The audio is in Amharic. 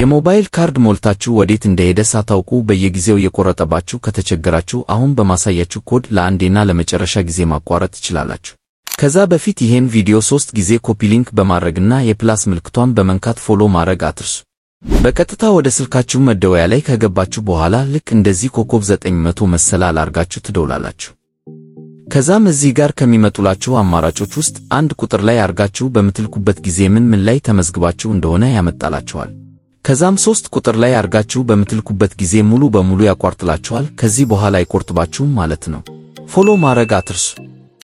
የሞባይል ካርድ ሞልታችሁ ወዴት እንደሄደ ሳታውቁ በየጊዜው የቆረጠባችሁ ከተቸገራችሁ አሁን በማሳያችሁ ኮድ ለአንዴና ለመጨረሻ ጊዜ ማቋረጥ ትችላላችሁ። ከዛ በፊት ይሄን ቪዲዮ ሶስት ጊዜ ኮፒ ሊንክ በማድረግና የፕላስ ምልክቷን በመንካት ፎሎ ማድረግ አትርሱ። በቀጥታ ወደ ስልካችሁ መደወያ ላይ ከገባችሁ በኋላ ልክ እንደዚህ ኮከብ 900 መሰላል አድርጋችሁ ትደውላላችሁ። ከዛም እዚህ ጋር ከሚመጡላችሁ አማራጮች ውስጥ አንድ ቁጥር ላይ አርጋችሁ በምትልኩበት ጊዜ ምን ምን ላይ ተመዝግባችሁ እንደሆነ ያመጣላችኋል። ከዛም ሶስት ቁጥር ላይ አርጋችሁ በምትልኩበት ጊዜ ሙሉ በሙሉ ያቋርጥላችኋል። ከዚህ በኋላ አይቆርጥባችሁም ማለት ነው። ፎሎ ማድረግ አትርሱ።